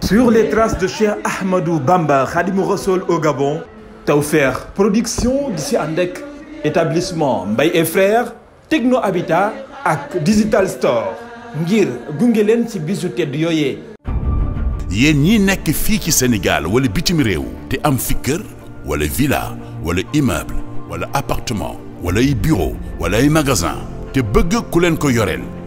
Sur les traces de Cheikh Ahmadou Bamba Khadimou Rassoul au Gabon Tawfekh Production di si ànd ak établissement Mbaye et Frères Techno Habitat ak Digital Store ngir gunge leen ci bisu tedd yooyee. yéen yi nekk fii ci Sénégal wala bitim réew te am fi kër wala villa wala immeuble wala appartement wala ay bureau wala ay magasin te bëgg ku leen ko yoreel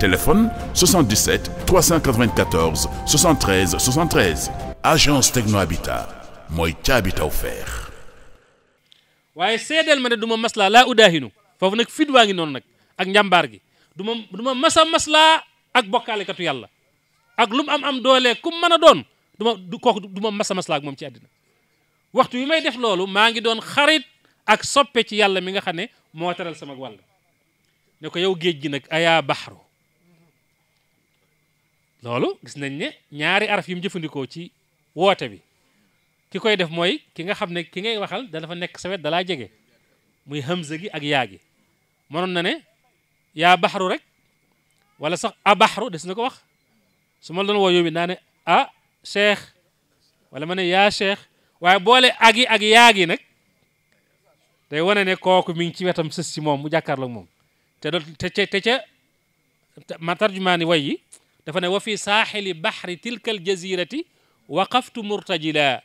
téléphone 77 394 73 73 agence Techno Habitat mooy ca Habitat Fer. waaye seedeel ma ne du ma maslaa laa udaahinu foofu nag fit waa ngi noonu nag ak njàmbaar gi du ma du masa maslaa ak bokkaalekatu yàlla ak lu mu am am doole ku mën a doon du du kooku du ma masa maslaa ak moom ci àddina waxtu wi may def loolu maa ngi doon xarit ak soppe ci yàlla mi nga xam ne moo sama wàll ne ko yow géej gi nag ayaa baxru loolu gis nañ ne ñaari araf yi mu jëfandikoo ci woote bi ki koy def mooy ki nga xam ne ki ngay waxal da dafa nekk sawet dalaa jege muy hamza gi ak yaa gi mënoon na ne yaa baxaru rek wala sax a baxaru des na ko wax su ma doon woo naa ne ah cheikh wala ma ne yaa cheikh waaye boole agi ak yaa gi nag day wane ne kooku mi ngi ci wetam sës si moom mu jàkkaarloog moom te doot te ca te ca ma tarjumaani way dafa ne wa fi saaxili baxri tilka aljazirati waqaftu murtajila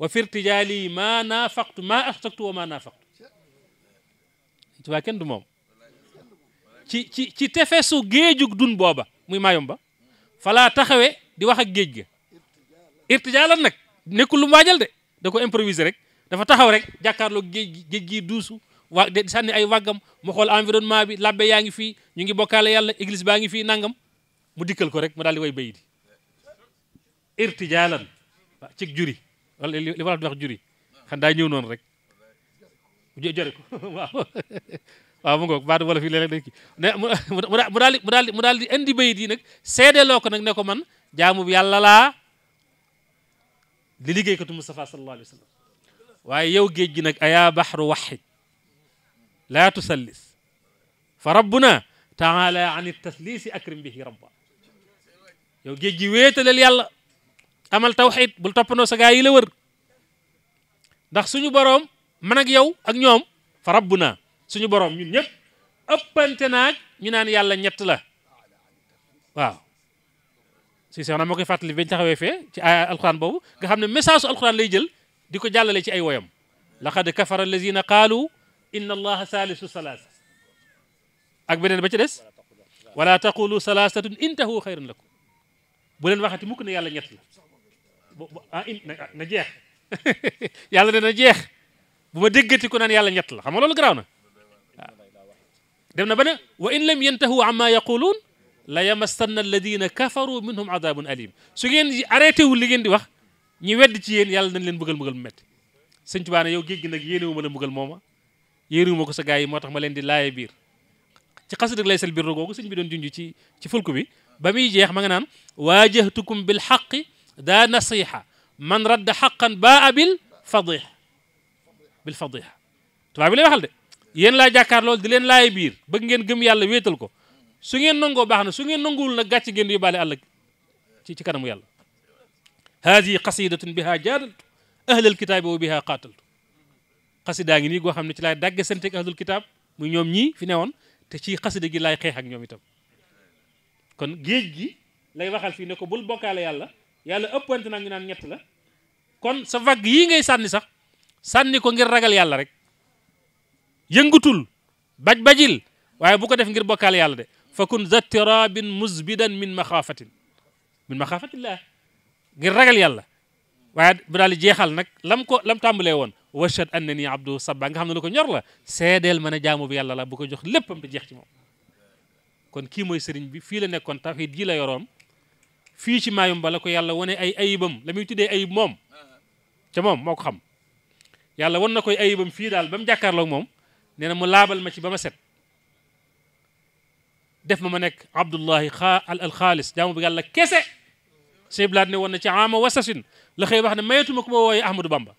wa fi irtijaali maa naafaqtu maa axtaqtu wa maa naafaqtu tubaa du moom ci ci ci tefesu géejug dun booba muy Mayumba falaa taxawe di wax ak géej ga irtijaalan nag nekkul lu mu de da ko improviser rek dafa taxaw rek jàkkaarloo géej géej gi duusu wa sànni ay wàggam mu xool environnement bi labbe yaa ngi fii ñu ngi bokkaale yàlla église baa ngi fii nangam mu ko rek mu daal di way bay di irtijaalan waa juri wala li wala di wax juri xam daa ñëw noonu rek jore ko waaw waaw di mu daal di mu daal di indi bayit yi nag seedeeloo ko nag ne ko man jaamu yàlla laa liggéeykatu Mustafa sallallahu alayhi wa sallam waaye yow géej gi nag ayaa baxru waxid laa tusallis fa rabbuna taala an tasliisi akrim bihi rabba yow géej gi wéetaleel yàlla amal tawxiid bul toppandoo sa gaa yi la wër ndax suñu boroom man yow ak ñoom fa rabbu naa suñu boroom ñun ñëpp ëppante naaj ñu naan yàlla ñett la waaw si sax na moo koy fàttali bañ taxawee fee ci ay alxuraan boobu nga xam ne message su alxuraan lay jël di ko jàllale ci ay woyam laqad kafara allazina qaalu inna allaha beneen ba ci des wala taqulu salaasatun intahu xayrun lakum bu leen waxati mukk ne yàlla ñett la ah na jeex yàlla ne jeex bu ma déggati ku naan yàlla ñett la xam nga loolu garaaw na ah. dem na ba ne wa in lam yantahu amma yaquluun la yamassanna alladina kafaru minhum adabun alim su ngeen arrêté wu li ngeen di wax ñi wedd ci yéen yàlla nañ leen bëggal bëggal mu metti sëñ Tuubaa ne yow géej gi nag yéenewu ma la bëggal mooma yéenewu ma ko sa gars yi moo tax ma leen di laaye biir ci xas dëgg lay sel biir googu sëñ bi doon junj ci ci fulku bi ba muy jeex ma nga naan waajahtukum bil xaqi daa nasiha man radda xaqan baa a bil fadih bil fadiha bi lay waxal de yéen laa jàkkaar lool di leen laay biir bëgg ngeen gëm yàlla wéetal ko su ngeen nangoo baax na su ngeen nanguwul na gàcc ngeen yóbbaale àll ci ci kanamu yàlla haadihi qasidatun biha jaadaltu ahlal kitaabi wa biha qaataltu xasidaa ngi nii goo xam ne ci laay dàgge santeeg ahlul kitaab muy ñoom ñi fi newoon te ci xasida gi laay xeex ak ñoom itam kon géej gi lay waxal fii ne ko bul bokkaale yàlla yàlla ëppante na ñu naan ñett la kon sa vague yii ngay sànni sax sànni ko ngir ragal yàlla rek yëngutul baj-bajil waaye bu ko def ngir bokkaale yàlla de fa kun za tirabin musbidan min maxaafatin min maxaafatillah ngir ragal yàlla waaye bu daal jeexal nag lam ko lam tàmbalee woon washad annani abdu sabba nga xam ne lu ko ñor la seedeel mën a jaamu bi yàlla la bu ko jox léppam te jeex ci moom kon kii mooy sëriñ bi fii la nekkoon tawxiid ji la yoroon fii ci maayum ba la ko yàlla wone ay ayibam la muy tuddee ayib moom ca moom moo ko xam yàlla wan na koy ayibam fii daal ba mu jàkkaarloog moom nee na mu laabal ma ci bama set def ma ma nekk abdullahi xa al xaalis jaamu bi yàlla kese sëñ blaat ne woon na ci ama wasasin la xëy wax ne mayetuma ko ma wooyee ahmadou bamba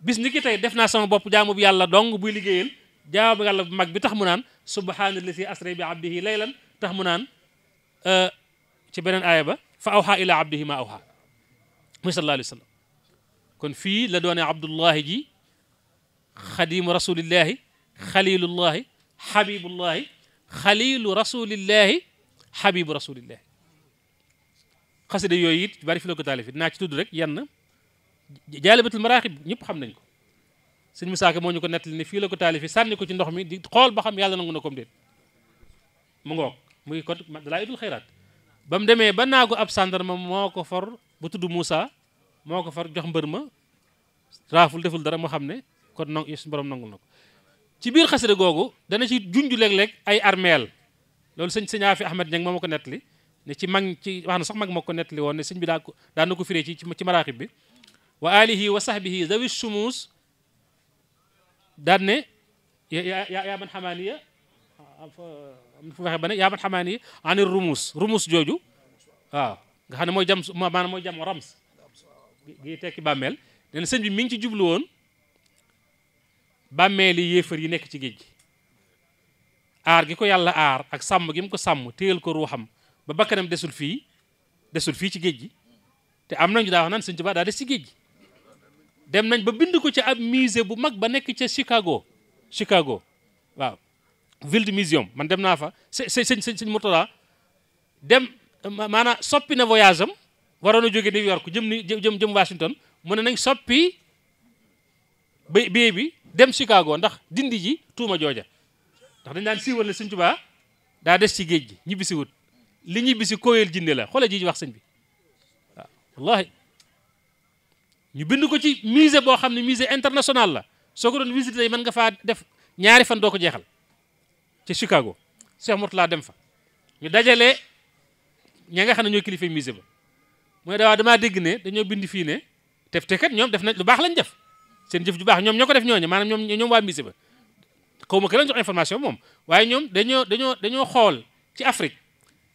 bis ni tey def naa sama bopp jaamu bi yàlla dong buy liggéeyal jaawam yàlla bu mag bi tax mu naan subhaanallazi asra bi abdihi laylan tax mu naan euh, ci beneen aaya ba fa awxa ila abdihi ma awxa muy sallallahu alayhi wa sallam kon fii la doone abdullahi ji xadimu rasulillahi xalilullahi xabibullahi xalilu rasulillahi xabibu rasulillahi xasida yooyu it bari fi la ko taalifi dinaa ci tudd rek yenn jaalibatul maraaxib ñëpp xam nañ ko sëñ Musaa Ka moo ñu ko nettali ne fii la ko taalifi sànni ko ci ndox mi di xool ba xam yàlla nangu na ko déet mu ngoog muy kon du idul xayraat ba mu demee ba naa ko ab sàndarma moo ko for bu tudd Moussa moo ko far jox mbër ma raaful deful dara moo xam ne kon nangu suñu borom nangul na ko ci biir xasida googu dana ci junj léeg-léeg ay armeel loolu sëñ sëñ Afi Ahmed Ñang moo ma ko nettali ne ci mag ci wax na sax mag moo ko nettali woon ne sëñ bi daa ko daan na ko firee ci ci bi daan ne yaa yaa ba ne yaa man xamaaniya rumus rumus jooju waaw nga xam ne mooy jam maanaam mooy jam rams gi tekki bàmmeel nee na sëñ mi ngi ci jublu woon bàmmeeli yéefar yi nekk ci géej gi aar gi ko yàlla aar ak sàmm gi ko sàmm téyal ko ruuxam ba bakkanam desul fii desul fii ci géej gi te am nañu daa wax naan sëñ Tuubaa daa ci géej gi dem nañ ba bind ko ci ab musée bu mag ba nekk ca Chicago Chicago waaw Field Museum man dem naa fa sëñ sëñ sëñ Mourtada dem maanaam soppi na voyage am waroon a jóge New York jëm ni jëm jëm Washington mu ne nañ soppi ba bi dem Chicago ndax dindi ji tuuma jooja ndax dañ daan siiwal ne sëñ Tuubaa daa des ci géej gi ñibbisi wut li ñibbisi kooyal jinne la xoola ji wax sëñ bi ñu bind ko ci musée boo xam ne musée international la soo ko doon visité yi mën nga faa def ñaari fan doo ko jeexal ci Chicago Cheikh Mourtala dem fa ñu dajale ña nga xam ne ñoo kilifa musée ba mooy dawaa damaa dégg ne dañoo bind fii ne tef te ñoom def nañ lu baax lañ def seen jëf ju baax ñoom ñoo ko def ñooñu maanaam ñoom ñoom waa musée ba xaw ma ki lañ jox information moom waaye ñoom dañoo dañoo dañoo xool ci Afrique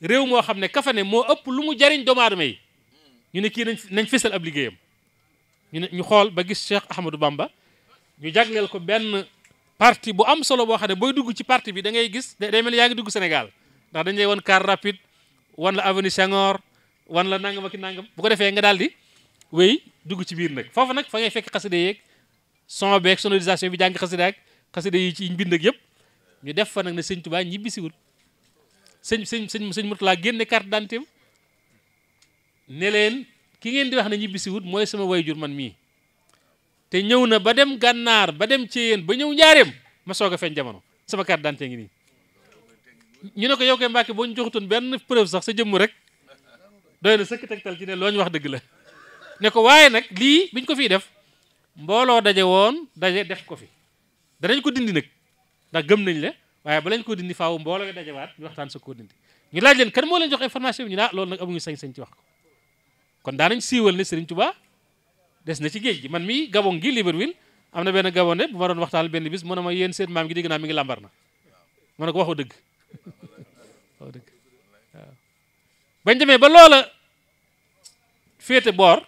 réew moo xam ne kafa ne moo ëpp lu mu jariñ doomu aadama ñu ne kii nañ nañ ab liggéeyam ñu ne ñu xool ba gis Cheikh Ahmadou Bamba ñu jagleel ko benn parti bu am solo boo xam ne booy dugg ci parti bi da ngay gis day mel yaa ngi dugg Sénégal ndax dañ lay wan car rapide wan la avenue Senghor wan la nangam ak nangam bu ko defee nga daal di wéy dugg ci biir nag foofu nag fa ngay fekk xasida yeeg son beeg sonorisation bi jàng xasida ak xasida yi ci bind ak yëpp ñu def fa nag ne sëñ Tuubaa ñibbisiwul sëñ sëñ sëñ sëñ Murtala génne carte d'identité ne leen ki ngeen di wax ne si wut mooy sama wayjur man mii te ñëw na ba dem gànnaar ba dem Ceyeen ba ñëw njaareem ma soog a feeñ jamono sama carte d'identité ngi nii ñu ne ko yow koy Mbàkke boo ñu joxutoon benn preuve sax sa jëmm rek doy na sëkk tegtal ci ne loo ñu wax dëgg la ne ko waaye nag lii biñ ko fiy def mbooloo daje woon daje def ko fi danañ ko dindi nag ndax gëm nañ la waaye ba lañ ko dindi faaw mbooloo daje waat ñu waxtaan sa ko dindi ñu ah sañ-sañ wax kon daanañ siiwal ne Serigne Touba des na ci géej gi man mii Gabon gi Libreville am na benn Gabonais bu ma doon waxtaan benn bis mu ne ma yéen seen maam gi dégg naa mi ngi làmbar na ko wax dëgg waxu dëgg waaw bañ demee ba loola féete boor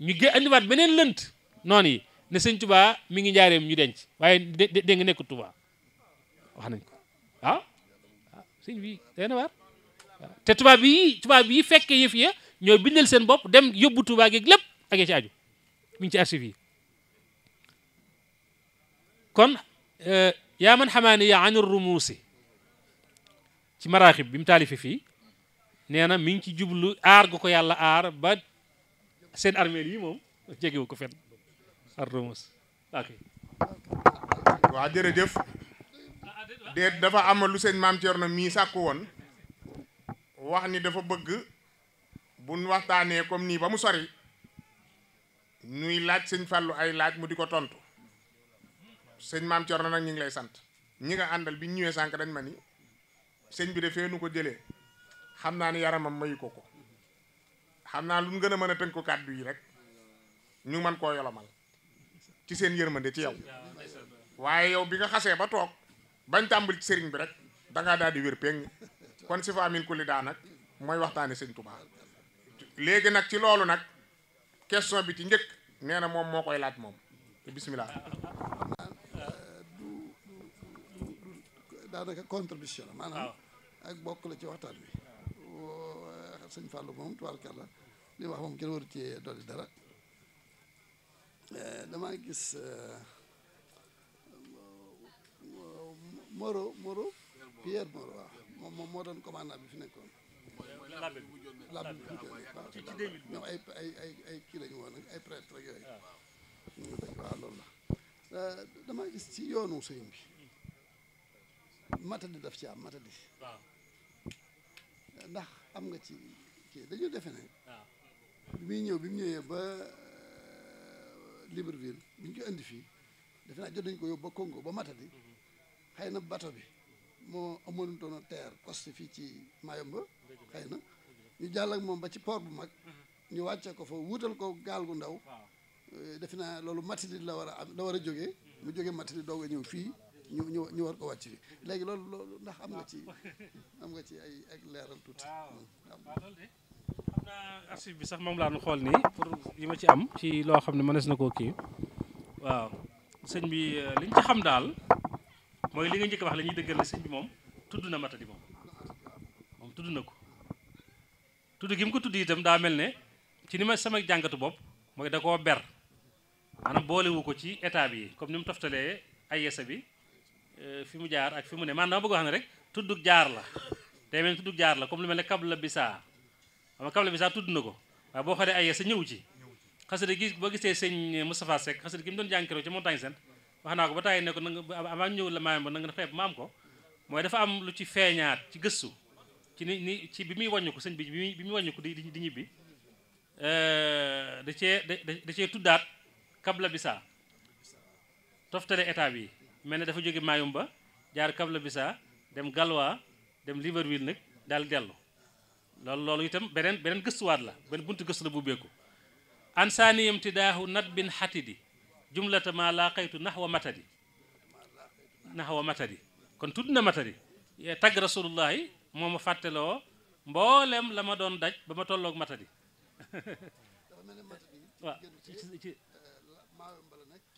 ñu gé andiwaat beneen lënt noon yi ne sëñ Touba mi ngi njaareem ñu denc waaye dé nga nekku Touba wax nañ ko waaw ah? ah, sëñ bi day na waar te tubaab yi tubaab yi fekkee yëf ya ñoo bindal seen bopp dem yóbbu Touba geeg lépp ak ci aju mi ngi kon euh, yaa man xamaani rumuusi ci maraaxib bi mu taalife fii nee na mi ngi ci jublu aar gu ko yàlla aar ba seen armeel yi moom jegewu ko fenn ar rumuus ok waa jërëjëf déet dafa am lu seen maam Cerno mii sàkku woon wax ni bëgg buñ waxtaanee comme nii ba mu sori ñuy laaj sëñ Fallou ay laaj mu di ko tontu sëñ maam Thierno nag ñu ngi lay sant ñi nga àndal bi ñëwee sànq dañ ma ni sëñ bi de fee nu ko jëlee xam naa ni yaramam mayu ko ko xam naa lu mu gën a mën a tënk ko kàddu yi rek ñu mën koo yolomal ci seen yërmande ci yow waaye yow bi nga xasee ba toog bañ tàmbali ci sëriñ bi rek da ngaa daal di wér péng kon si fa amin ku daa nag mooy waxtaane sëñ Tuubaa léegi nag ci loolu nag question bi ci njëkk nee na moom moo koy laaj moom bismillah ah, ah, ah, daanaka contribution la maanaam ak bokk la ci waxtaan bi sëñ Fallou moom tubaarkàlla li wax moom kenn waru ci dolli dara eh, damaa gis eh, Moro Moro Pierre Moro waaw moom moom moo doon commandant bi fi nekkoon labbe bi labbe bi ci ci ñoom ay ay ay ay kii la ñu woon ay prêtre ak yooyu waaw loolu la damaa gis ci yoonu sëñ bi matadi daf ci am matadi ndax am nga ci kii dañu defe ne bi muy ñëw bi mu ñëwee ba Libreville bi ñu ko indi fii defe naa jot dañ ko yóbbu ba Congo ba matadi xëy na bato bi moo amoon doon a teer poste fii ci Mayumba xëy na ñu jàll ak moom ba ci port bu mag mm-hmm. ñu wàcce ko fa wuutal ko gaal gu ndaw eh, defe naa loolu Matadine la war a am la war a jóge mm-hmm. mu jóge Matadine doog a ñëw fii ñu ñu ñu war ko wàcc fii léegi loolu loolu ndax am nga ci am nga ci ay ak leeral tuuti mm, archive bi sax moom laa nu xool nii pour yi ma ci am ci loo xam ne mënees na koo kii waaw sëñ bi eh, liñ ci xam daal mooy li nga jëkk wax la ñuy dëggal ne sëñ bi moom tudd na matadi moom moom tudd na ko tudd gi mu ko tudd itam daa mel ne ci ni ma sama jàngatu bopp mooy da koo ber maanaam boolewu ko ci état bi comme ni mu toftalee ay yesa bi euh, fi mu jaar ak fi mu ne man dama bëgg xam ne rek tuddug jaar la day mel tuddug jaar la comme lu mel ne kabla bisaa xam nga kabla bisaa tudd na ko waaye boo xoolee ay yesa ñëw ci xasida gi boo gisee sëñ Moustapha Seck xasida gi mu doon jànkiroo ci Montagne Sainte wax naa ko ba tàyyi ne ko nanga avant ñëwul la maayam ba nanga feeb ma am ko mooy dafa am lu ci feeñaat ci gëstu ci ni ni ci bi muy wàññu ko sëñ bi bi muy wàññu ko di di ñibbi euh, da cee da cee tuddaat kabla bisa toftale état bi mel ne dafa jóge ba jaar kabla bisa dem Galwa dem Libreville nag daal dellu loolu loolu itam beneen beneen gëstuwaat la beneen buntu gëstu la bu beeku ansaaniyam tidaahu nat bin xatidi jumlata ma laaqaytu naxwa matadi naxwa matadi kon tudd na matadi tagg rasulullahi moo ma mboolem la ma doon daj ba ma tolloog matadi waaw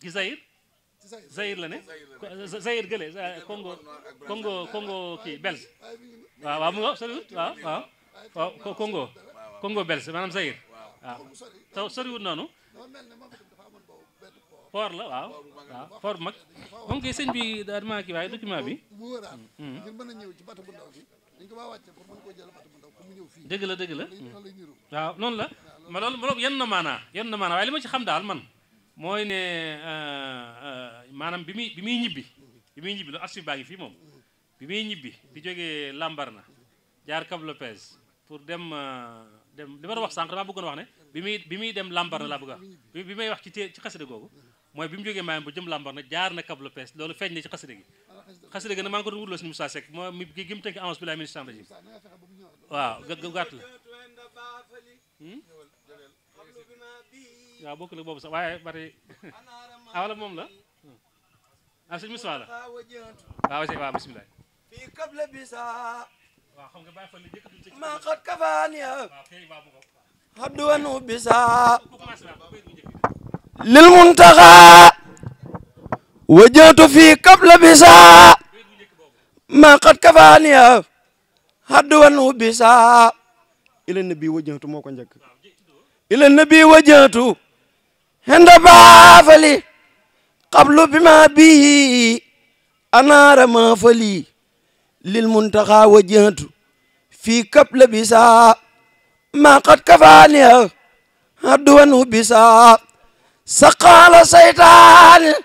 ci Zaïr Zaïr la ne Zaïr gële Congo Congo waaw waaw mu nga soriwut waaw waaw waaw Congo Congo Belge maanaam Zaïr waaw noonu port la waaw waaw port bu mag moom kay sëñ bi daal waaye document bi. Hmm. bi dëgg la dëgg la hmm. waaw noonu la ma loolu ma loolu yenn na maanaa yenn na maanaa waaye li ma ci xam daal man mooy ne euh, euh, maanaam bi muy bi muy ñibbi bi muy ñibbi loolu archive baa ngi fii moom bi muy ñibbi di jógee na jaar Cap Lopez pour dem euh, dem li ma wax sànq damaa bëggoon wax ne bi muy bi muy dem Lambarna laa bëgg bi may wax ci té ci xasida googu mooy bi mu jógee maayam bu jëm làmbar na jaar na kablo pees loolu feeñ na ci ah, xasida gi xasida gi nag maa ngi ko doon wutloo si Moussa Seck moo mi gi mu tënk avance bi laay ministre en régime waaw gàtt la hmm? waaw bokk la boobu sax waaye bari ah, moom la hmm. ah sëñ Moussa la ah, waaw wa fii kabla bisa lil muntaxa wajjatu fii kabla bisa ma qad kafaaniya hadduwan hu bisa ila nabi wajjatu moo ko njëkk ila nabi wajjatu henda baafali qablu bima bihi anaara ma fali lil muntaxa wajjatu fii kabla bisa ma qad kafaaniya hadduwan hu bisa saqaala saytaani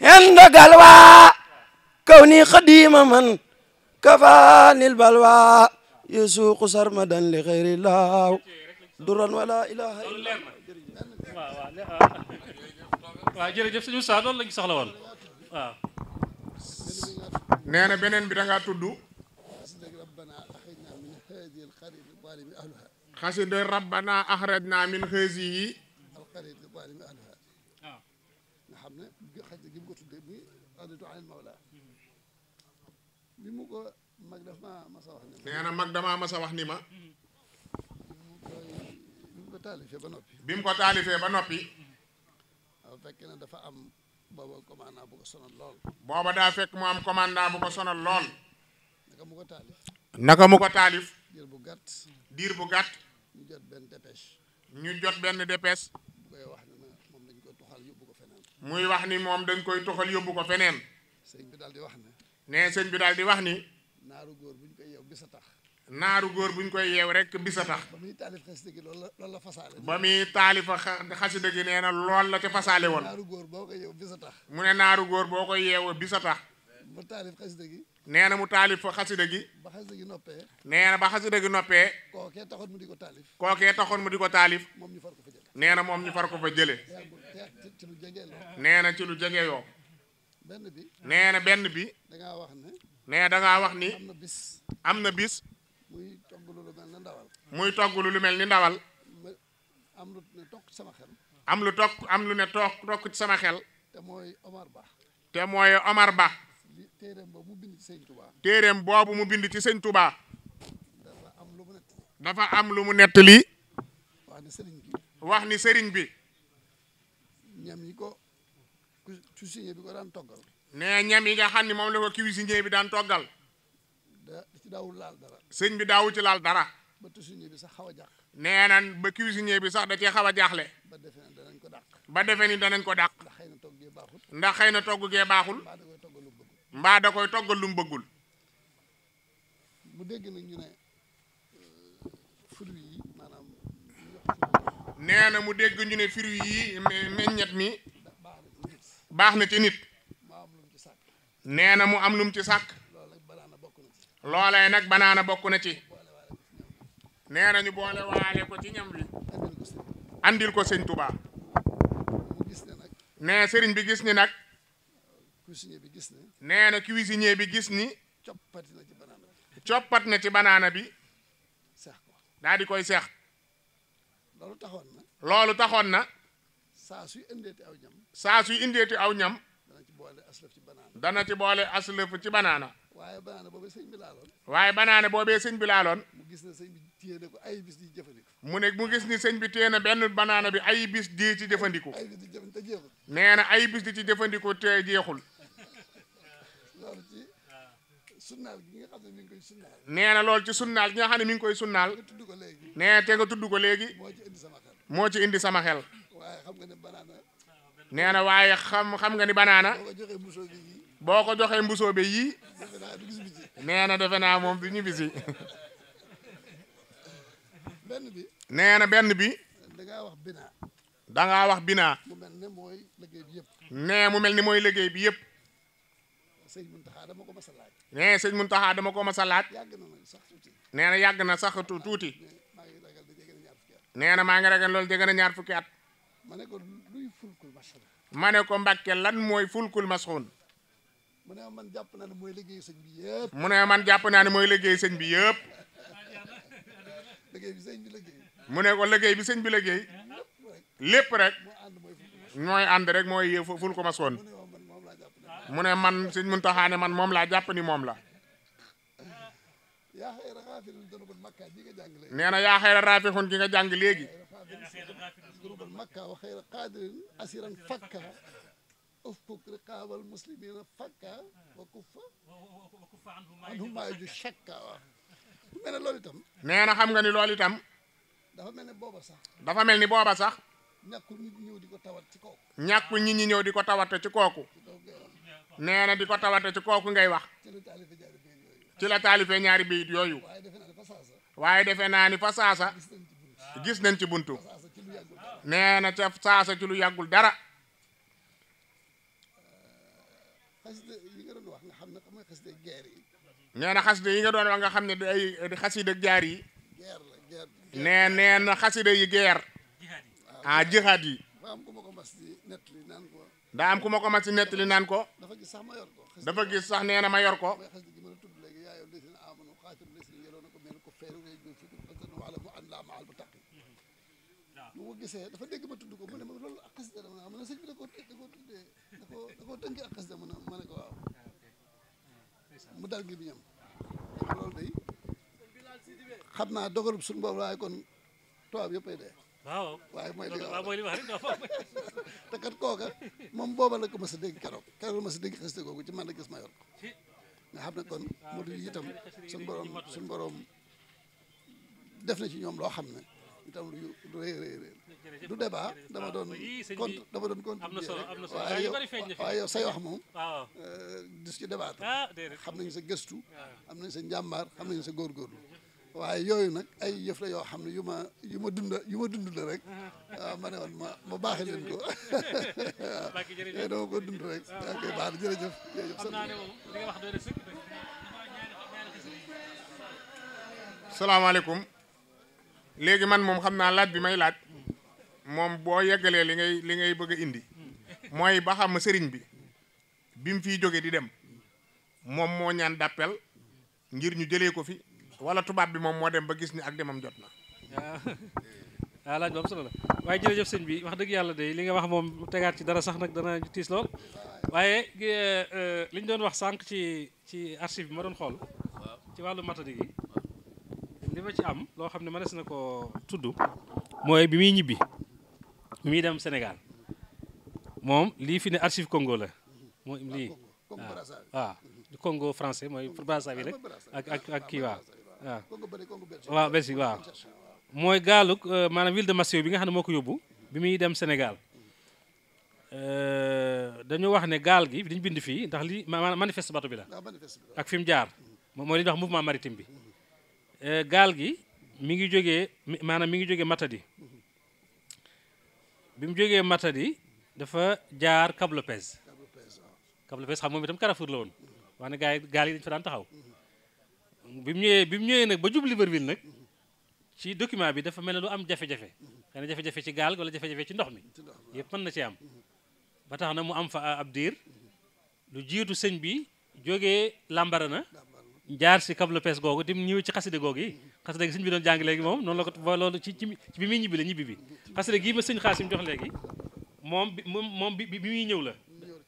henda galwa kawni xadiima man kafaanil balwa yusuuqu sarmadan li xayri duran wala ilaha illa waaw jërëjëf sëñ Moussa loolu la ñu soxla woon waaw nee na beneen bi da ngaa tudd xasida rabbana axrajna bi mu ko mag daf ma masa wax ni ma. wax ni ma. bi mu ko taalifee ba noppi. bi mu ko taalifee ba noppi. waaw fekk na dafa am booba commandant bu ko sonal lool. booba daa fekk mu am commandant bu ko sonal lool. naka mu ko taalif. naka mu ko taalif. diir bu gàtt. diir bu gàtt. ñu jot benn dépêche. ñu jot benn dépêche. muy wax ni moom dañ koy tuxal yóbbu ko feneen. muy wax ni moom dañ koy tuxal yóbbu ko feneen. sëñ bi daal di wax ne. nee sëñ bi daal di wax ni. naaru góor bu ñu koy yeew bis a tax. naaru góor bu ñu koy yeew rek bis a tax. ba muy taalif xasida gi loolu la loolu la fasaale. ba muy taalifa xasida nee na la te fasaale woon. naaru góor boo koy yeew bis a tax. mu ne naaru góor boo koy yeew bis a tax. mu taalif xasida gi. nee na mu taalif fa xasida gi. ba xasida gi noppee. nee na ba xasida gi noppee. kookee taxoon mu di ko taalif. kookee taxoon mu di ko taalif. moom ñu far ko fa jëlee. nee na moom ñu far ko fa jëlee. nee na ci lu jege yoo. nee na benn bi nee da ngaa wax ni am na bis muy togg lu mel ni ndawal muy togg lu mel ni ndawal am lu ne toog sama xel am lu toog am lu ne toog toog ci sama xel te mooy Omar Ba te mooy Omar Ba téereem boobu mu bind ci sëñ Touba téereem boobu mu bind ci sëñ Touba dafa am lu mu nettali dafa am lu mu nettali wax ni sëriñ bi wax ni sëriñ bi ñam yi ko cuisinier bi ko daan toggal. nee ñam yi nga xam ni moom la ko cuisinier bi daan toggal. da ci daawul laal dara. sëñ bi daawu ci laal dara. ba cuisinier bi xaw a jàq. nee naan ba cuisinier bi sax da cee xaw a jaaxle. ba defe ni danañ ko dàq. ba defe ni danañ ko dàq. ndax xëy na togg gee baaxul. ndax xëy na togg gee baaxul. mbaa da koy toggal lu mu bëggul. mu dégg nag ñu ne euh, nee na mu dégg ñu ne fruits yi meññet mi. baax na ci nit nee na mu am lum ci sàkk loolee nag banaana bokk na ci nee na ñu boole waale ko ci ñam wi andil ko sëñ Touba nee sëriñ bi gis ni nag nee na cuisinier bi gis ni coppat na ci banaana bi daal di koy seex loolu taxoon na saa suy indeeti aw ñam. saa suy indeeti aw ñam. dana ci boole aslëf ci banaana. ci banaana. waaye banaana boobee sëñ bi laaloon. waaye banaana boobee sëñ bi laaloon. mu gis ne sëñ bi ko ay bis di jëfandiku. mu ne mu gis ni sëñ bi téye na benn banaana bi ay bis di ci jëfandiku. ay bis di na ay bis di ci jëfandiku te jeexul. loolu ci na loolu ci sunnaal gi nga xam ne mi ngi koy sunnaal. nee te nga tudd ko léegi. moo ci sama xel. moo ci indi sama xel. nee na waaye xam xam nga ni banaana boo ko joxee mbusoo be yii nee na defe naa moom du ñu bisi benn bi da ngaa wax binaa nee mu mel ni mooy liggéey bi yëpp nee sëñ Muntaxa dama ko mas a laaj nee na yàgg na sax tuuti nee na maa ngi ragal loolu jege na ñaar fukki at ma ko luy ma ne ko Mbàkke lan mooy fulkul masxuun mu man jàpp naa ne mooy liggéey sëñ bi yëpp mu man jàpp naa ne mooy liggéey sëñ bi yëpp ne ko liggéey bi sëñ bi liggéey lépp rek mooy ànd rek mooy fulku masxuun mu ne man sëñ Muntaxa ne man moom laa jàpp ni moom la nee na yaa xayra raafixun gi nga jàng léegi قلوب المكة وخير قادر أسيرا فكا افك xam nga ni loolu itam dafa mel ni booba sax dafa mel ni booba sax ñàkkul nit ñi ñëw di ko tawat ci kooku ñàkkul ñi ñëw di ko tawate ci kooku nee na di kooku ngay wax ci la taalife ñaari bayit yooyu waaye defe naa ni fa saasa gis nañ ci buntu nee na ca saasa ci lu yàggul dara nee na xasida yi nga doon wax nga xam ne day xasida jaar yi nee na xasida yi geer ah, ah jihaad yi daa am ku ma ko mas di nettali naan ko dafa gis sax nee ma yor ko bu ma gisee dafa dégg ma tudd ko mu ne ma loolu ak xasida dama ma ne sëñ bi da koo da koo tuddee da koo da bi ñam xam naa dogalub suñu boobu waaye kon tubaab yëpp ay dee waaye mooy li te kat booba la ko mas a dégg keroog keroog la mas a dégg xasida ci man la gis ma yor ko nga xam ne kon ah, mu du itam suñu borom suñu borom def na ci ñoom loo xam ne itam lu rëy rëy rëy du débat dama doon ah, compte dama doon compte waaye yow waaye yow say wax moom ah. eh, dis ci débat ah, xam nañu sa gëstu am nañu sa njàmbaar xam nañu sa góorgóorlu waaye yooyu nag ay yëf la yoo xam ne yu ma yu ma dund yu ma dund la rek waaw ma ne woon ma ma baaxee leen ko waaw eh, dama ko dund rek yaa koy baax jërëjëf jërëjëf sant salaamaaleykum léegi man moom xam naa laaj bi may laaj moom boo yeggalee li ngay li ngay bëgg a indi mooy ba xam sëriñ bi bi mu fiy jóge di dem moom moo ñaan d'appel ngir ñu jëlee ko fi wala tubaab bi moom moo dem ba gis ni ak demam jot na. Ah, ah, laaj boobu solo la waaye jërëjëf sëñ bi wax dëgg yàlla de li nga wax moom tegaat ci dara sax nag dana tiis lool waaye euh, euh, li doon wax sànq ci ci archive bi ma doon xool ci wàllu matadi gi ci am loo xam ne mënees na ko tudd mooy bi muy ñibbi bi muy dem Sénégal moom lii fi ne archive Congo la moo lii waaw waaw mooy Brazzaville rek maanaam ville de Maceo bi nga xam ne moo ko yóbbu bi muy dem Sénégal euh, dañu wax ne gaal gi dañu bind fii ndax li manifeste bateau ah, bi la ak fi mu jaar mooy li ñuy wax mouvement maritime bi Euh, gaal gi mi ngi jógee maanaam mi ngi jógee Matadi bi mu jógee Matadi dafa jaar Cap Lopez Cap Lopez xam moom itam Carrefour la woon wax ne gaal yi gaal yi dañu fa daan taxaw bi mu ñëwee bi mu ñëwee nag ba jub Libreville nag ci document bi dafa mel ne lu am jafe-jafe xëy jafe-jafe ci gaal wala jafe-jafe ci ndox mi yëpp mën na ci am ba tax na mu am fa ab diir lu jiitu sëñ bi jógee Lambarana jaar si kabla pees googu dim ñëw ci xasida googu yi xasida gi sëñ bi doon jàng léegi moom noonu la ko loolu ci ci bi muy ñibbi la ñibbi bi xasida gii ma sëñ Xaasim jox moom bi moom bi muy ñëw la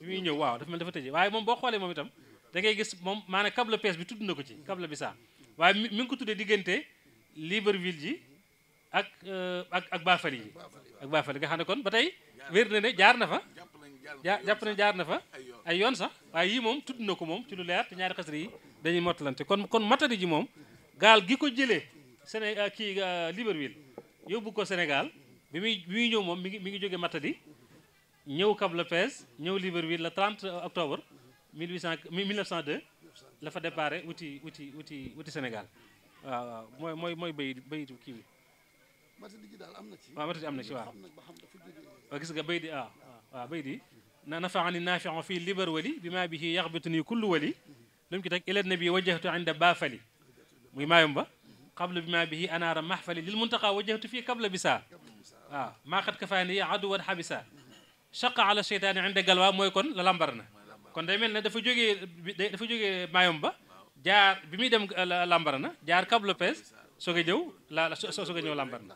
bi muy ñëw waaw dafa mel dafa tëjee waaye moom boo xoolee moom itam da ngay gis moom maanaam kabla pees bi tudd na ko ci kabla bi saa waaye mi ngi ko tuddee diggante Libreville ji ak euh, ak ak Bafali ji ak Bafali nga xam ne kon ba tey wér na ne jaar na fa jàpp na jaar na fa ay yoon sax waaye yii moom tudd na ko moom ci lu leer te ñaari xasida yi dañuy mottalante kon kon matari ji moom gaal gi ko jëlee Séné euh, kii euh, Libreville yóbbu ko Sénégal bi muy bi muy ñëw moom mi ngi mi ngi jóge matadi ñëw Cap Lopez ñëw Libreville le 30 octobre 1800 1902 la fa déparé wuti wuti wuti wuti Sénégal waaw waaw mooy mooy mooy bay bayitu kii bi waaw matadi am na ci waaw waaw gis nga bay di waaw waaw bay di na nafaani naafion fii liber wali bi maa bi yii yaxbituni kullu wali lu mu ci teg ilan nabi wajjahtu inda baafali muy maayom ba qabla bi maa ma anaara mahfali lil muntaqa wajjahtu fii qabla bi saa waaw maa xat kafaani aduwan xabisa chaqa ala cheytaani inda galwaa mooy kon la lambar na kon day mel ne dafa jógee dafa jógee maayom ba jaar bi muy dem lambar na jaar kablo pes soog a jëw la soog a ñëw lambar na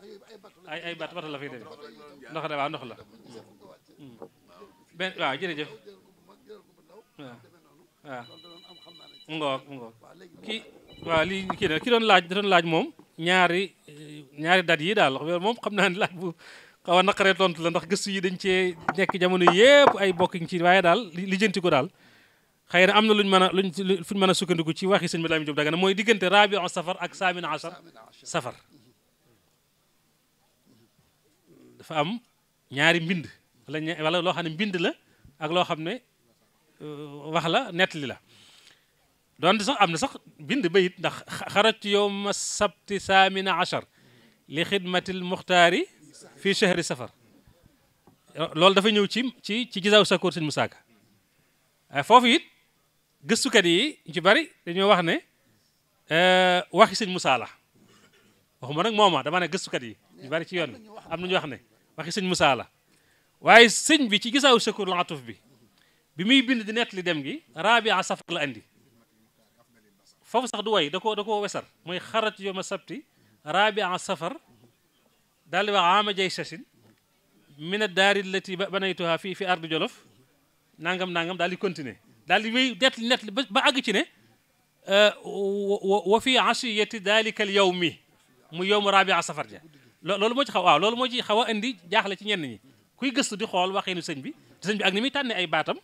ay ay bat bata la fay demee ndox la waaw ndox la hmm. benn waaw jërëjëf waaw waaw ngoog ngoog ki waaw lii doon laaj doon laaj moom ñaari ñaari dat yi daal loolu xam naa ne laaj bu xaw a naqaree tontu la ndax gëstu yi dañ cee nekk jamono yëpp ay bokk ci waaye daal li jënti daal xëy na am na luñ mën a luñ fuñ mën a sukkandiku ci waxi sëñ bi Lamin Jóob Dagana mooy diggante rabiu safar ak saamin a safar dafa am ñaari mbind wala wala loo xam ne mbind la ak loo xam ne euh, wax la nettali la donte sax am na sax bind bayit ndax xarajtu yowma sabti saamina achar li xidmatil muxtaari fii chahri safar loolu dafa ñëw ci ci ci gisaaw sakoor sëñ Musaa Ka eh, foofu it gëstukat yi ñu ci bari dañoo wax ne eh, waxi sëñ Musaa la waxuma nag mooma dama ne gëstukat yi ñu bari ci yoon am na ñu wax ne waxi sëñ Musaa la waaye sëñ bi ci gisaaw sakoor la atuf bi bi muy bind di nett li dem gi raabi a safar la andi foofu sax du way da koo da koo wesar mooy xarat yoma sabti rabia safar daal di wax ama jay sasin mina daari lati banaytuha fii fi ardu jolof nangam nangam daal di continuer daal di wéy nett nett ba àgg ci ne euh, wa fi asiyati dalika al yawmi mu yowmu rabia safar ja loolu moo ci xaw waaw loolu moo ci xaw a indi jaaxle ci ñenn ñi kuy gëstu di xool waxeenu sëñ bi te sëñ ak ni muy tànne ay baatam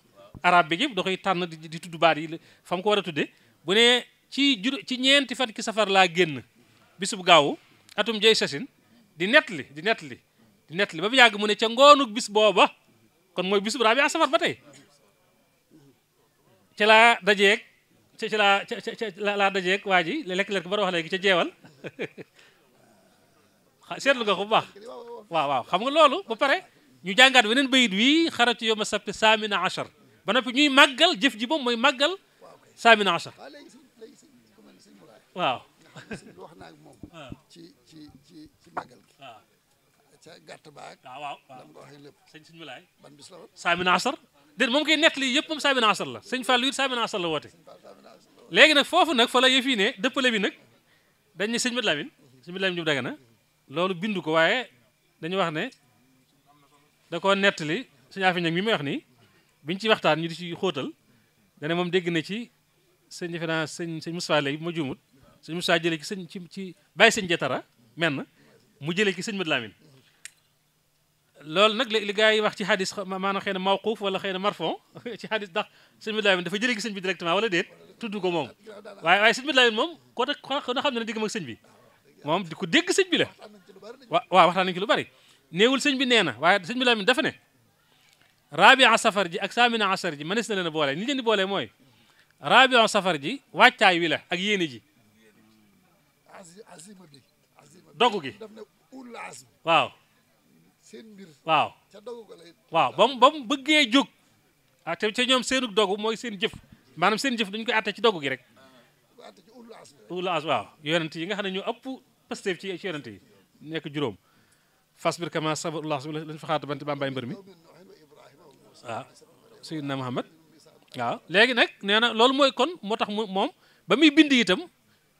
arab bi yëpp da koy tànn di tudd baat yi fa ko war a tudde bu ci jur ci ñeenti fan ki safar laa génn bisub gaawu atum jey sasin di nettali di nettali di nettali ba mu yàgg mu ne ca ngoonuk bis booba kon mooy bisub rabi'a safar ba tey ca laa dajeeg ca ca laa ca laa dajeeg waa ji lekk-lekk ba wax léegi ca jeewal seetlu nga ko bu baax waaw waaw xam nga loolu ba pare ñu jàngaat weneen bayit wii xaratu yawma sabti saamina achar ba noppi ñuy màggal jëf ji moom mooy màggal saamina achar waaw nga wax naa waaw ca gàtt baak ah, waaw waaw dam nga waxee lépp sëñ suñu asar déet moom koy nettali yëpp moom saamina asar la sëñ Fallou it saamina asar la woote léegi nag foofu nag fa la yëf yi dëppale bi nag dañ ne sëñ Mat Lamin sëñ Mat Lamin ñu daga na loolu bind ko waaye dañu wax ne da koo nettali sëñ Afi Ñaŋ mi may wax nii biñ ci waxtaan ñu di ci xóotal dane moom dégg na ci sëñ defe naa sëñ sëñ Moussa bu ma juumut sëñ Moussa jëlee ci sëñ ci ci bàyyi sëñ jatara menn mu jëlee ci sëñ Mad Lamin loolu nag li gaa wax ci xadis maanaam xëy na mawquuf wala xëy na marfon ci xadis ndax sëñ Mad dafa jëlee ci sëñ bi directement wala déet tudd ko moom waaye waaye sëñ Mad Lamin moom ko na xam ne diggam ak sëñ bi moom di ko dégg sëñ bi wa waaw waxtaan nañ lu bari néewul sëñ bi nee na waaye sëñ Mad Lamin dafa safar ji ak saamina asar ji mënees na leen boole ni leen di boolee mooy rabia safar ji wàccaay wi la ak yéene ji dogu gi waaw waaw waaw ba mu ba bëggee jóg ah te ca ñoom seenu dogu mooy seen jëf maanaam seen jëf dañu koy àtte ci dogu gi rek ulaas waaw yonent yi nga xam ne ñu ëpp pasteef ci ci yi nekk juróom fasbir kama sabar ulaas bi lañ fa xaata bante bàmbaay mbër mi waaw ah, sayyidna Muhammad waaw léegi nag nee na loolu mooy kon moo tax moom ba muy bind itam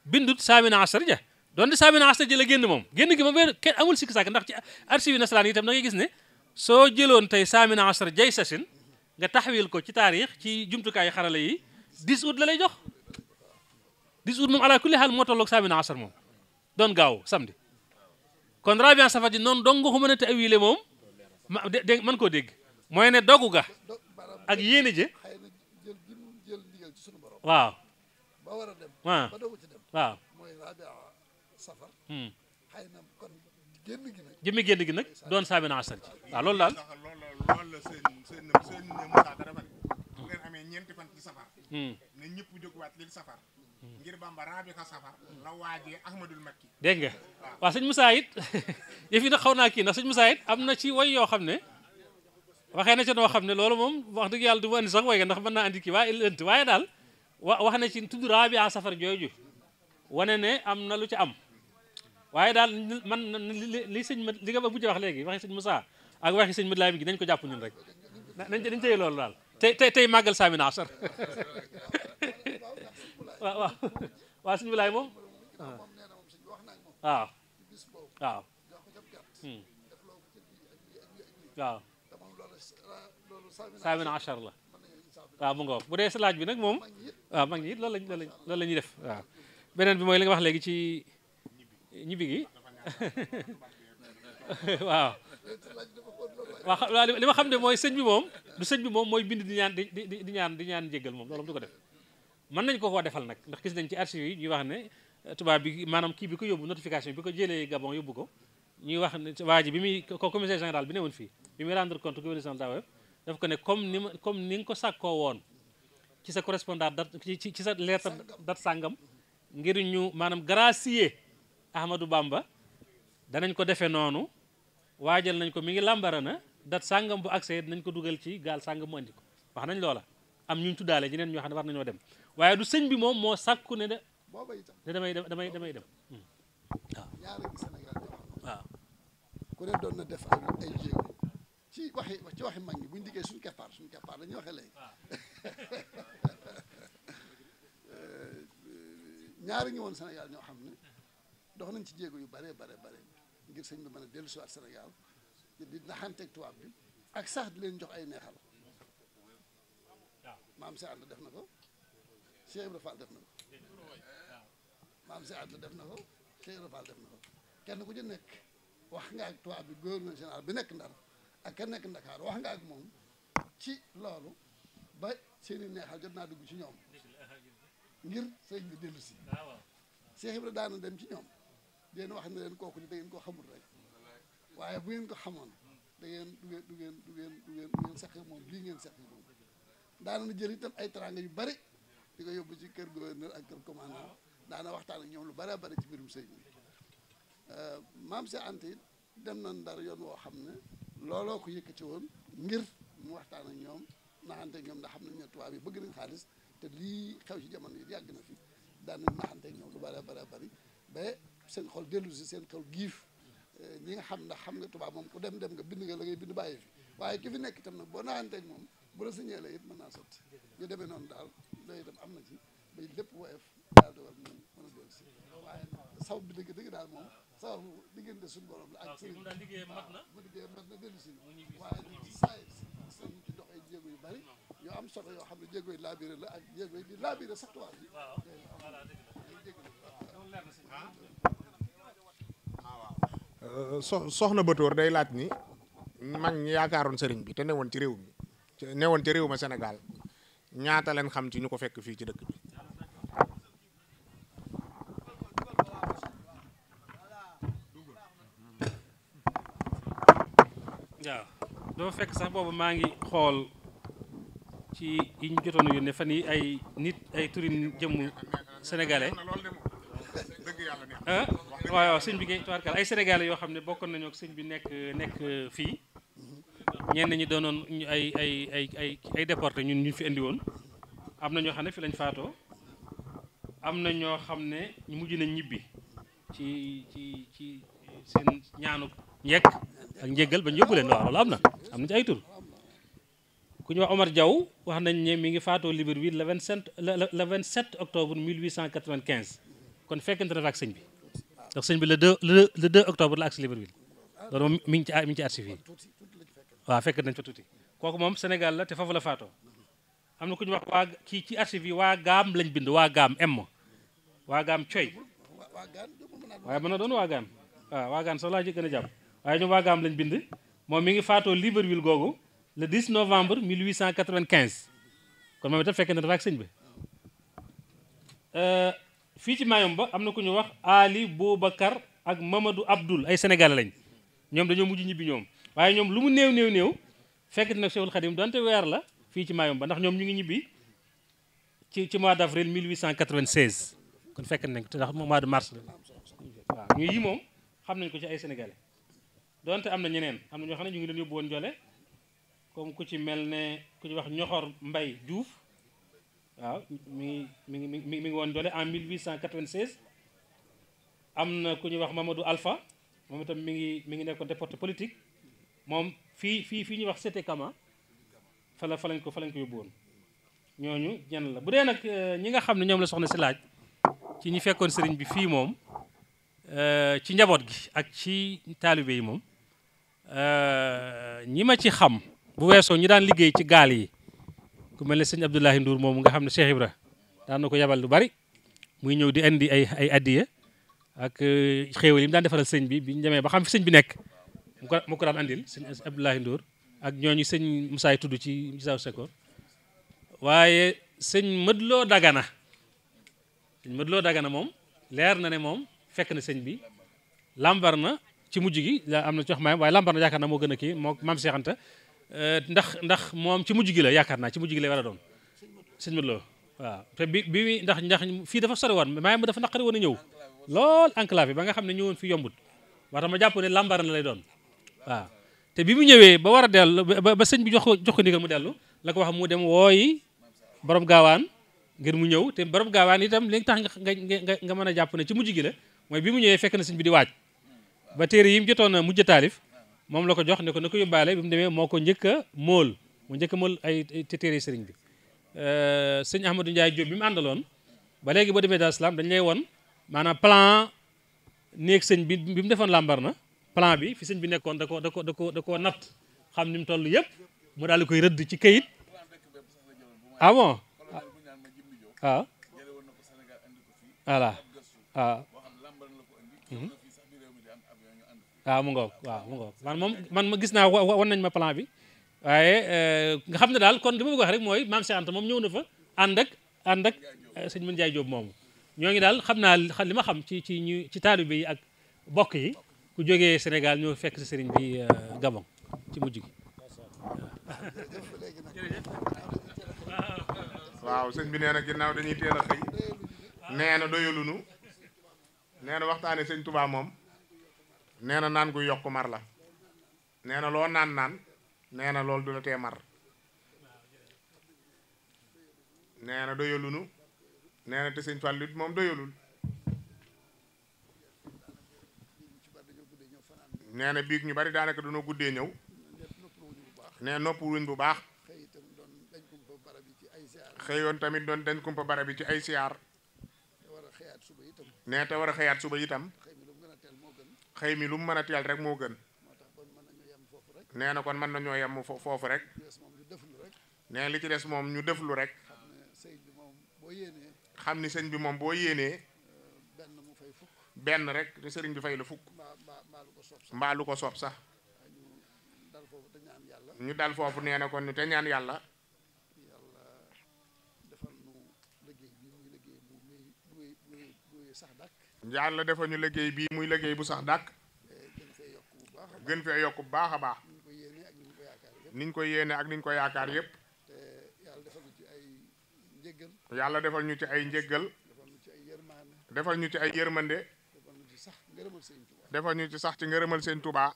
bindut saamina asarja donte saamina asta ji la génn moom génn gi moom kenn amul sikki sàkk ndax ci archive yi nasaraan yi itam da ngay gis ne soo jëloon tey saamina asar jay sasin nga taxawil ko ci taarix ci jumtukaayu xarala yi 10 août la lay jox 10 août moom ala kulli xaal moo tolloog saamina asar moom doon gaaw samedi kon rabian safar ji noonu dong nga ko mën a tawile moom man koo dégg mooy ne dogu ga ak yéene je waaw waaw safar hmm. xëy gi nag jëmmi génn gi nag doon saabi na asar ji waaw loolu daal loolu la seen seen seen Moussa dara bu hmm. ngeen amee ñeenti fan ci safar hmm. na ñëpp jógwaat lil safar ngir Bamba raabi ka safar la waajee Ahmadul Makki dégg nga waaw sëñ Moussa it yëf yi nag kii ndax sëñ Moussa am na ci way yoo xam ne waxee na ca noo xam ne loolu moom wax dëgg yàlla du ma andi sax way nga ndax mën naa andi kii waaye waaye daal wax na ci tudd raabi a safar jooju wane ne am na lu ci am waaye daal man li sëñ ma li nga ba mujj wax léegi waxi sëñ Moussa ak waxi sëñ Madi Lamin gi nañ ko jàpp ñun rek nañ dañ tey loolu daal tey tey tey màggal Saamina Asar waaw waaw hmm. waaw sëñ la waaw mu bu dee si laaj bi nag moom waaw mag ñi it loolu lañ loolu la ñuy def waaw beneen bi mooy li nga wax léegi ci ñibbi gi waaw waaw li ma xam ne mooy sëñ bi moom du sëñ bi moom mooy bind di ñaan di di ñaan di ñaan jéggal moom loolu du ko def mën nañ ko ko defal nag ndax gis nañ ci archive yi ñuy wax ne euh, tubaab bi maanaam kii bi ko yóbbu notification bi ko jëlee Gabon yóbbu ko ñuy wax ne waa ji bi muy ko commissaire général bi newoon fii bi muy rendre compte gouverneur général daf ko ne comme ni ma comme ni nga ko sàkkoo woon ci sa correspondant dat ci sa lettre dat sàngam ngir Ahmadou Bamba danañ ko defe noonu waajal nañ ko mi ngi làmbara na dat sàngam bu accès nañ ko dugal ci gaal sàngam mu andi ko wax nañ loola am ñu tuddaale ñeneen ñoo xam ne war nañoo dem waaye du sëñ bi moom moo sàkku ne de ne damay damay damay dem hmm. waaw waaw ku ne doon ci waxi ci waxi mag ñi bu ñu diggee suñu keppaar suñu keppaar dañuy waxee léegi eh, ñaari ngi woon Sénégal ñoo xam ne dox nañ ci jéego yu bare bare bare ngir sëñ bi mën a dellu si waat Sénégal di naxanteeg tubaab bi ak sax di leen jox ay neexal maam si ànd def na ko Cheikh Ibrahima def na ko maam si ànd na ko Cheikh Ibrahima kenn ku ci nekk wax nga ak tubaab bi gouverneur général bi nekk Ndar ak ka nekk Ndakaar wax nga ak moom ci loolu ba seen i neexal jot naa ci ñoom ngir sëñ bi dellu si ah, Cheikh Ibrahima daana dem ci ñoom leen wax ne leen kooku da ngeen ko xamul rek waaye bu ngeen ko xamoon da ngeen du ngeen du ngeen du ngeen du ngeen du ngeen seqe moom lii ngeen ay teranga yu bari di ko yóbbu ci kër gouverneur ak kër commandant daana waxtaan ak ñoom lu bare bari ci mbirum sëñ bi euh, maam si ante it dem na ndar yoon woo xam ne looloo ko yëkkati woon ngir mu waxtaan ak ñoom naxante ñoom ndax xam nañ ne tubaab yi bëgg nañ xaalis te lii xew ci jamono yi yàgg na fi daan nañ naxante ñoom lu bare bare bari seen xol dellu si seen xol giif eh, ñi nga xam ndax xam nga tubaab moom ku dem dem nga bind nga la ngay bind bàyyi fi waaye ki fi nekk itam nag boo naayanteeg moom bu la signee la it mën naa sotti ñu demee noonu daal loolu itam am na ci bay lépp woyof daal dogal mën mën a dellu si waaye saw bi dëgg dëgg daal moom saw diggante suñu borom la ak sëriñ mu liggéey mat na dellu si waaye ñu saay seen ci doxee jéego yu bari yoo am solo yoo xam ne jéego yi laabiré la ak jéego yi di laabiré sax tubaab bi Euh, so soxna Batoor day laaj ni mag ñi yaakaaroon sëriñ bi te newoon ci réew mi newoon ci réew ma senegal ñaata leen xam ci ñu ko fekk fii ci dëkk bi. waaw doo fekk sax boobu maa ngi xool ci yi ñu jotoon yónnee fan yi ay nit ay turin jëmm sénégalais waaw waaw sëñ bi kay tubaarkal ay sénégalais yoo xam ne bokkoon nañu ak sëñ bi nekk nekk fii ñenn ñi doonoon ay ay ay ay ay déporté ñun ñu fi indi woon am na ñoo xam ne fi lañ faatoo am na ñoo xam ne mujj nañ ñibbi ci ci ci seen ñaanu njekk ak njéggal ba ñu yóbbu leen waaw loolu am na am na ci ay tur ku ñu wax Omar Diaw wax nañ ne mi ngi faatoo Libreville le 27 le 27 octobre 1895 kon fekkente na ak sëñ bi ndax sëñ bi le deux le deux octobre la agsi Libreville loolu moom mi ngi ci mi ngi fekk nañ fa tuuti kooku moom Sénégal la te foofu la faatoo am na ku ñu wax waa ci ci archive waa gaam lañ bind waa gaam m waa gaam coy waaye mën na doon waa gaam waa gaam sax laa gën a jàpp waaye ñoom waa gaam lañ bind moom mi ngi faatoo Libreville googu le 10 novembre 1895 kon moom itam fekk na dafa ak sëñ bi euh, fii ci ba am na ku ñu wax Ali Boubacar ak Mamadou Abdoul ay sénégalais lañ ñoom dañoo mujj ñibbi ñoom waaye ñoom lu mu néew néew néew fekk na Cheikhul Khadim donte weer la fii ci Mayumba ndax ñoom ñu ngi ñibbi ci ci mois d' avril 1896 kon fekk nañ ko ndax mois de mars la waaw ñu moom xam nañ ko ci ay sénégalais donte am na ñeneen am na ñoo xam ne ñu ngi leen yóbbu woon jole kom ku ci mel ne ku ci wax Ñoxor Mbay Diouf waaw mi ngi mi ngi mi ngi woon doole en 1896 am na ku ñuy wax Mamadou Alpha moom itam mi ngi mi ngi nekkoon déporté politique moom fii fii fii ñuy wax sete Kama fala falañ fa lañ ko fa lañ ko yóbbuwoon ñooñu ñan la bu dee nag euh, ñi nga xam ne ñoom la soxna si laaj ci ñi fekkoon sëriñ bi fii moom euh, ci njaboot gi ak ci taalibe yi moom euh, ñi ma ci xam bu weesoo ñi daan liggéey ci gaal yi ku mel ne sëñ Abdoulahi Ndour moomu nga xam ne Cheikh Ibra daan ko yabal lu bari muy ñëw di andi ay ay addiya ak euh, xéewal yi mu daan defaral sëñ bi bi ñu demee ba xam fi sëñ bi nekk mu ko mu ko daan andil sëñ Abdoulahi Ndour ak ñooñu sëñ Musaay tudd ci Musaa Sekor waaye sëñ loo Dagana sëñ Mëdloo Dagana moom leer na ne moom fekk na sëñ bi lambar na ci mujj gi la am na ci wax maayam waaye lambar na yaakaar na moo gën a kii moo maam Seex Euh, ndax ndax moom ci mujj gi la yaakaar naa ci mujj gi la war a doon sëñ Modou Lo bi bi ndax ndax fii dafa sori woon maayam dafa naqari woon a ñëw lool enclave ba nga xam ne ñëwoon fi yombut wax dama jàpp ne làmbaran lay doon waaw te bi mu ñëwee ba war a dellu ba sëñ bi jox ko mu dellu la wax mu dem wooyi borom gaawaan ngir mu ñëw te borom gaawaan itam li tax nga nga nga mën a jàpp ne ci mujj gi la mooy bi mu ñëwee fekk na sëñ bi di waaj ba téere yi mu jotoon a mujj taalif moom la ko jox ne ko na ko yóbbaale bi mu demee moo ko njëkk a móol mu njëkk a móol ay sëriñ bi euh, sëñ Ahmadou Ndiaye Diop bi mu àndaloon ba léegi boo demee Daaru Salaam dañ lay won maanaam plan néeg sëñ bi bi mu defoon làmbar na plan bi fi sëñ bi nekkoon da ko da ko da koo natt xam ni mu toll yëpp mu daal di koy rëdd ci kayit ah, ah. ah. Mhm. waaw mu ngoog waaw mu ngoog man moom man ma gis naa wan nañ ma plan bi waaye eh, nga xam ne daal kon li ma bëgg wax rek mooy maam Cheikh Anta moom ñëw na fa ànd ak ànd ak eh, sëñ ci ci ñu ci taalibe yi ak bokk yi ku jógee bi eh, Gabon ci mujj a xëy nee moom nee na naan gu yokk mar la nee na loo naan naan nee na loolu du tee mar nee na doyalunu nee na te sëñ Fallu moom doyalul nee na biig ñu bari daanaka dañoo guddee ñëw nee nopp bu baax xëyoon tamit doon dañ kumpa barab bi ci ay siyaar nee te war a xëyaat suba itam xëy mi lu mu mën a teel rek moo gën nee na kon mën nañoo yem foofu rek nee li ci des moom ñu deflu rek xam ni sëñ bi moom boo yéenee benn rek sëriñ bi fay la fukk mbaa lu ko soob sax ñu dal foofu nee na kon ñu te ñaan yàlla yàlla defal ñu liggéey bii muy liggéey bu sax dàkk gën yokk bu baax a baax niñ ko yéene ak niñ ko yaakaar yépp yàlla defal ñu ci ay njéggal defal ñu ci ay yërmande defal ñu ci sax ci ngërëmal seen tubaa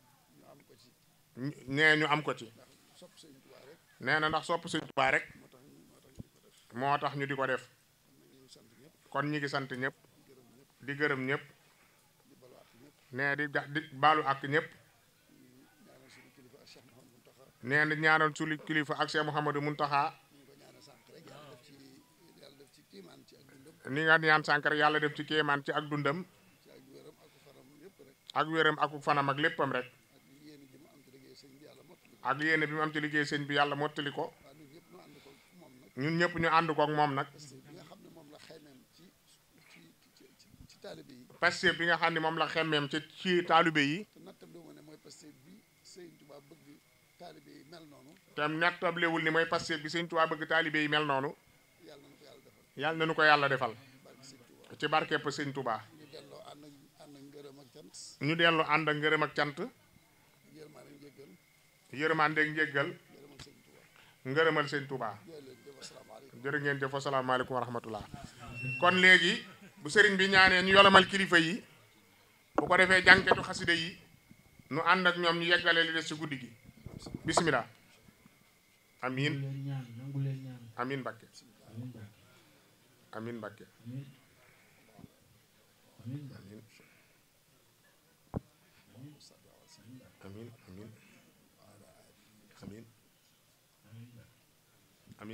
nee ñu am ko ci nee na ndax sopp seen tubaa rek moo tax ñu di ko def kon ñi sant ñëpp di gërëm ñëpp nee di dax di baalu nee na ñaanal sulu kilifa ak Cheikh Mouhamadou Mountakha ni nga ñaan sànq yàlla def ci kéemaan ci ak dundam ak wéram ak fanam ak léppam rek ak yéene bi mu am ci liggéey sëñ bi yàlla mottali ko ñun ñëpp ñu ànd ko ak moom nag taalibe yi Pastef bi nga xam ne moom la xemmeem ci ci taalibe yi te nattablewul ne bi Sëriñ Tuubaa bëgg taalibe ni mooy Pastef bi Sëriñ Tuubaa bëgg taalibe yi mel noonu yàlla na nu ko yàlla defal ci barkepp Sëriñ Tuubaa ñu dellu ànd ak ngërëm ak cant yërmandeeg njéggal ngërëmal sëñ Touba jërë ngeen jëf asalaamaaleykum wa rahmatullah kon léegi bu sëriñ bi ñaanee ñu yolomal kilifa yi bu ko defee jànketu xasida yi nu ànd ak ñoom ñu yeggale li des ci guddi gi bismillah amin amin Mbàkke amin Mbàkke amin amin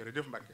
amin amin